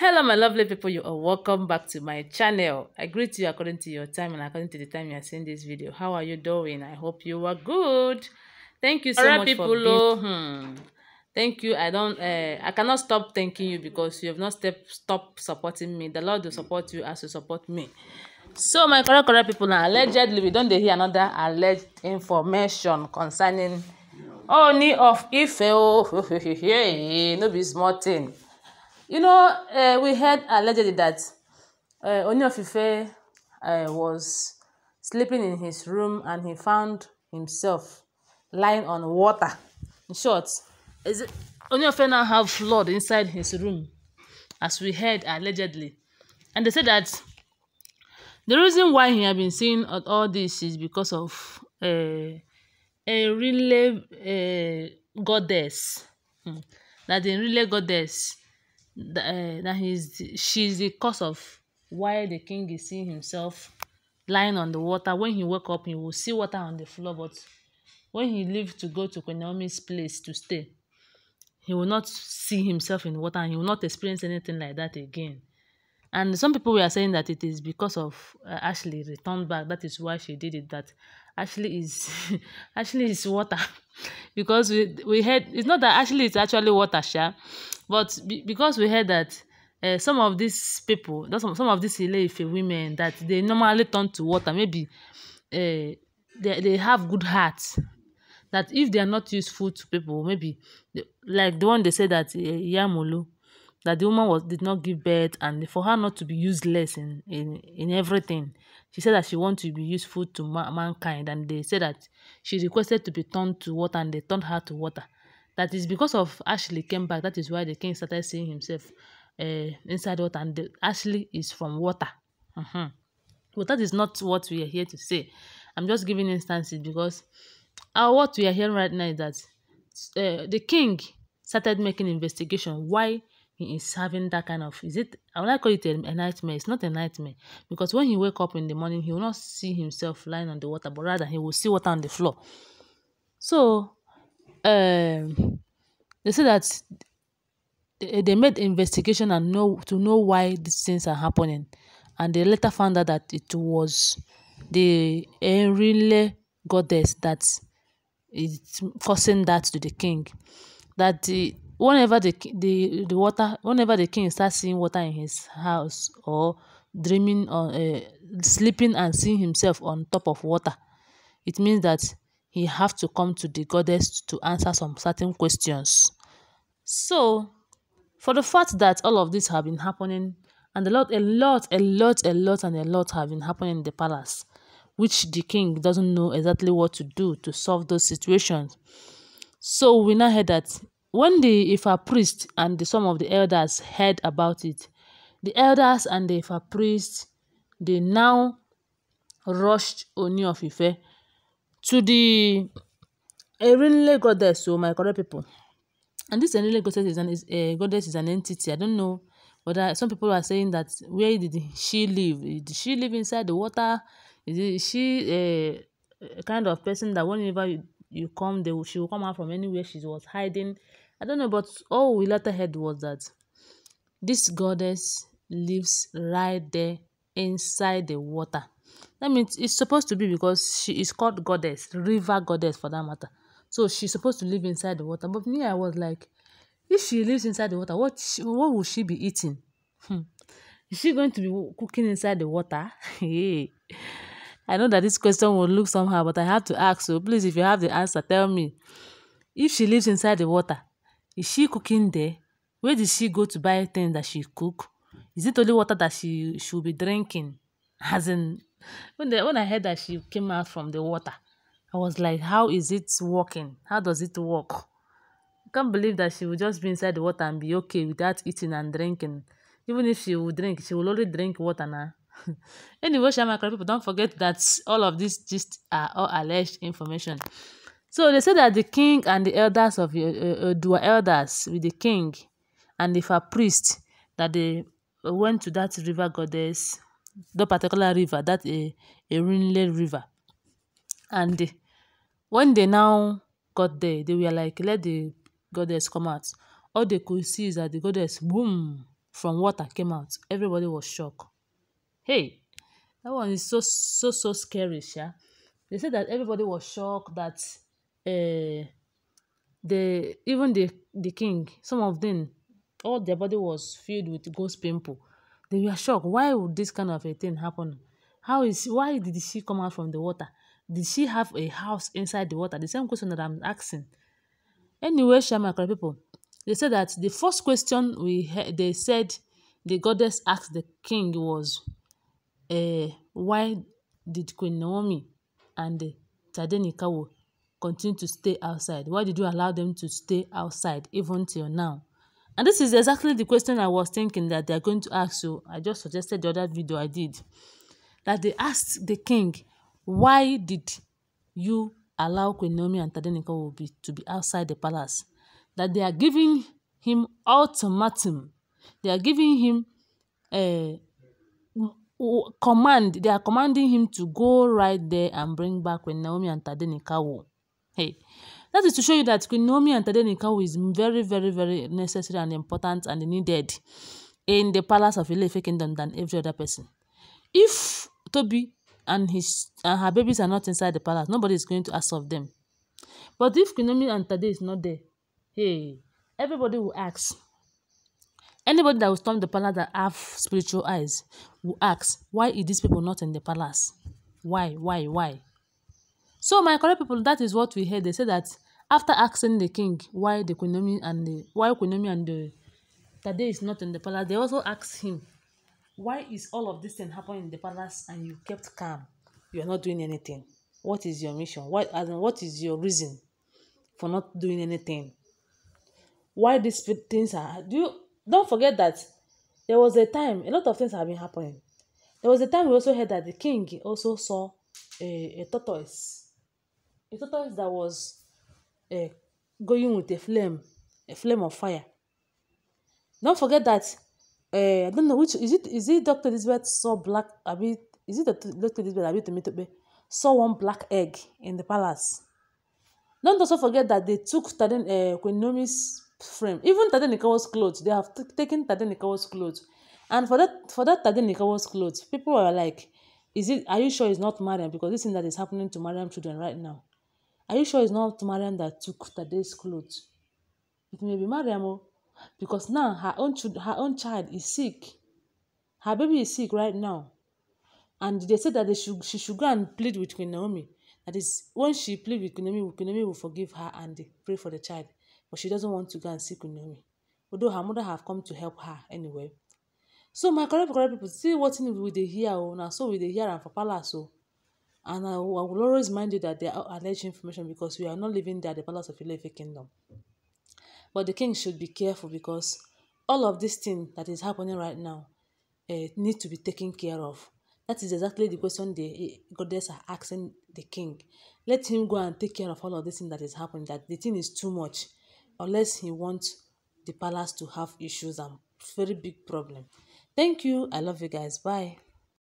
hello my lovely people you are welcome back to my channel i greet you according to your time and according to the time you are seeing this video how are you doing i hope you are good thank you so right, much people, for being oh. hmm. thank you i don't uh, i cannot stop thanking you because you have not step stop supporting me the lord will support you as you support me so my correct correct people Now, allegedly we don't hear another alleged information concerning Oh, Ooni of Ife o oh. no be small thing You know, uh, we heard allegedly that uh, eh, Onyofife uh, eh, was sleeping in his room and he found himself lying on water. In short, is it, Onyofe now have flood inside his room, as we heard allegedly. And they said that the reason why he had been seen at all this is because of uh, a relay uh, goddess. Hmm. That the relay goddess that, uh, that she is the cause of why the king is seeing himself lying on the water. When he woke up, he will see water on the floor, but when he leave to go to Queen Naomi's place to stay, he will not see himself in water and he will not experience anything like that again. And some people were saying that it is because of uh, Ashley returned back. That is why she did it. That Ashley is Ashley is water, because we we heard it's not that Ashley is actually water, sha, but be, because we heard that uh, some of these people, that some some of these ile women, that they normally turn to water. Maybe uh, they they have good hearts. That if they are not useful to people, maybe they, like the one they say that uh, Yamolo. that the woman was did not give birth and for her not to be useless in in, in everything she said that she wanted to be useful to ma mankind and they said that she requested to be turned to water and they turned her to water that is because of ashley came back that is why the king started seeing himself uh, inside water and the, ashley is from water uh mm-hmm. -huh. but that is not what we are here to say i'm just giving instances because uh, what we are hearing right now is that uh, the king started making investigation why he is having that kind of is it i would like call it a, a, nightmare it's not a nightmare because when he wake up in the morning he will not see himself lying on the water but rather he will see water on the floor so um, they say that they, they made investigation and know to know why these things are happening and they later found out that it was the Enrile goddess that is causing that to the king that the whenever the the the water whenever the king starts seeing water in his house or dreaming or uh, eh, sleeping and seeing himself on top of water it means that he have to come to the goddess to answer some certain questions so for the fact that all of this have been happening and a lot a lot a lot a lot and a lot have been happening in the palace which the king doesn't know exactly what to do to solve those situations so we now heard that when the Ifa priest and the, some of the elders heard about it, the elders and the Ifa priest, they now rushed Oni of Ife to the Erinle goddess, so oh my correct people. And this Erinle goddess is an is, eh, goddess is an entity. I don't know whether some people are saying that where did she live? Did she live inside the water? Is she a, eh, a kind of person that whenever you, you come, they she will come out from anywhere she was hiding? I don't know, but all we later heard was that this goddess lives right there inside the water. That means it's supposed to be because she is called goddess, river goddess for that matter. So she's supposed to live inside the water. But me, I was like, if she lives inside the water, what she, what will she be eating? Hmm. Is she going to be cooking inside the water? I know that this question will look somehow, but I have to ask. So please, if you have the answer, tell me. If she lives inside the water, Is she cooking there? Where did she go to buy things that she cook? Is it only water that she should be drinking? As in, when, the, when I heard that she came out from the water, I was like, how is it working? How does it work? I can't believe that she would just be inside the water and be okay without eating and drinking. Even if she would drink, she will only drink water now. anyway, share my people, don't forget that all of these just are all alleged information. So they said that the king and the elders of Odua uh, elders with the king and the far priest that they went to that river goddess, the particular river, that a, a Rinle river. And when they now got there, they were like, let the goddess come out. All they could see is that the goddess, boom, from water came out. Everybody was shocked. Hey, that one is so, so, so scary, yeah? They said that everybody was shocked that uh, the even the the king, some of them, all their body was filled with ghost pimple. They were shocked. Why would this kind of a thing happen? How is why did she come out from the water? Did she have a house inside the water? The same question that I'm asking. Anyway, Shamakra people, they said that the first question we they said the goddess asked the king was, uh, why did Queen Naomi and Tadenikawo continue to stay outside? Why did you allow them to stay outside even till now? And this is exactly the question I was thinking that they're going to ask you. I just suggested the other video I did. That they asked the king, why did you allow Kwenomi and Tadeniko to be outside the palace? That they are giving him ultimatum. They are giving him a eh, command. They are commanding him to go right there and bring back Kwenomi and Tadeniko. Hey, that is to show you that Queen Naomi and Tade Nikawo is very, very, very necessary and important and needed in the palace of Ilefe Kingdom than every other person. If Toby and his and her babies are not inside the palace, nobody is going to ask of them. But if Queen Naomi and Tade is not there, hey, everybody will ask. Anybody that will storm the palace that have spiritual eyes will ask, why is these people not in the palace? Why, why, why? So my correct people, that is what we heard. They said that after asking the king why the Koinomi and the why Koinomi and the Tade is not in the palace, they also asked him why is all of this thing happening in the palace and you kept calm? You are not doing anything. What is your mission? What as what is your reason for not doing anything? Why these things are do you don't forget that there was a time a lot of things have been happening. There was a time we also heard that the king also saw a, a tortoise a tortoise that was uh, going with a flame, a flame of fire. Don't forget that uh, I don't know which is it is it Doctor Elizabeth saw black I mean, is it Doctor Elizabeth I mean, Temitope saw one black egg in the palace. Don't also forget that they took Taden uh, eh, Queen Nomi's frame. Even Taden Tadenikawa's clothes, they have taken Taden Tadenikawa's clothes. And for that for that Taden Tadenikawa's clothes, people were like, Is it are you sure it's not Mariam? Because this thing that is happening to Mariam children right now. Are you sure it's not Mariam that took today's clothes? It may be Mariam, because now her own, her own child is sick. Her baby is sick right now. And they said that they should, she should go and plead with Queen Naomi. That is, when she plead with Queen Naomi, Queen Naomi will forgive her and pray for the child. But she doesn't want to go and see Queen Naomi. Although her mother have come to help her anyway. So my correct correct people see what we dey hear oh, na so we dey hear am for palace o. So. And I, I will always remind you that they are alleged information because we are not living there, the palace of living kingdom. But the king should be careful because all of this thing that is happening right now uh, eh, needs to be taken care of. That is exactly the question the eh, goddess are asking the king. Let him go and take care of all of this thing that is happening, that the thing is too much, unless he wants the palace to have issues and very big problem. Thank you. I love you guys. Bye.